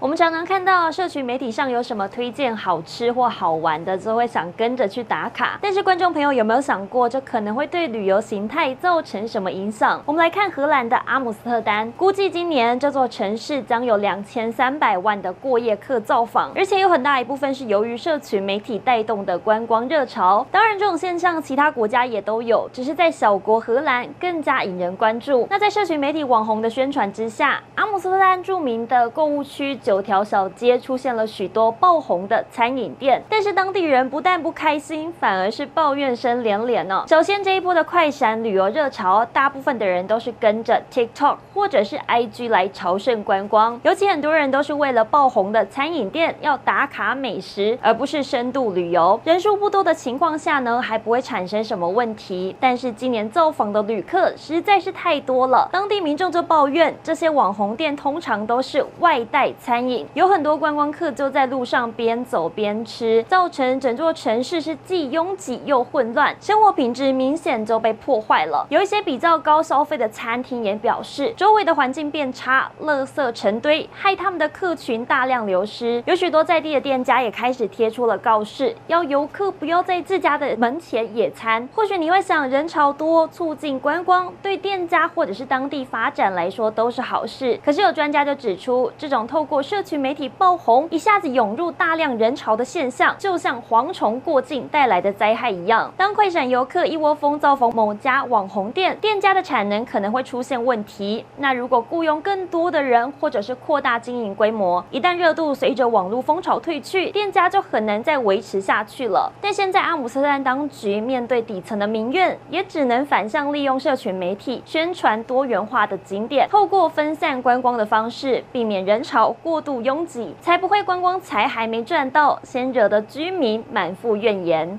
我們常常看到社群媒體上有什麼推薦好吃或好玩的，就會想跟着去打卡。但是觀眾朋友有沒有想過，這可能會對旅遊形態造成什麼影響？我們來看荷蘭的阿姆斯特丹，估計今年這座城市將有兩千三百萬的過夜客造訪，而且有很大一部分是由於社群媒體帶動的觀光熱潮。當然，這種現象其他國家也都有，只是在小國荷蘭更加引人關注。那在社群媒體網紅的宣傳之下，阿姆斯特丹著名的購物區，九條小街出現了許多爆紅的餐飲店，但是當地人不但不開心，反而是抱怨聲連連呢、哦。首先，這一波的快閃旅遊熱潮，大部分的人都是跟着 TikTok 或者是 IG 來朝聖觀光，尤其很多人都是為了爆紅的餐飲店要打卡美食，而不是深度旅遊。人數不多的情況下呢，還不會產生什麼問題，但是今年造訪的旅客實在是太多了，當地民眾就抱怨這些網紅店通常都是外帶餐。有很多觀光客就在路上邊走邊吃，造成整座城市是既擁擠又混亂，生活品質明顯就被破壞了。有一些比較高消費的餐廳也表示，周圍的環境變差，垃圾成堆，害他們的客群大量流失。有許多在地的店家也開始貼出了告示，要遊客不要在自家的門前野餐。或許你會想，人潮多促進觀光，對店家或者是當地發展來說都是好事。可是有專家就指出，這種透過。社群媒體爆紅，一下子湧入大量人潮的現象，就像蝗蟲過境帶來的災害一樣。當快閃遊客一窩蜂造訪某家網紅店，店家的產能可能會出現問題。那如果雇傭更多的人，或者是擴大經營規模，一旦熱度隨着網絡風潮退去，店家就很難再維持下去了。但現在阿姆斯特丹當局面對底層的民怨，也只能反向利用社群媒體宣傳多元化的景點，透過分散觀光的方式，避免人潮過度擁擠，才不會觀光財還沒賺到，先惹得居民滿腹怨言。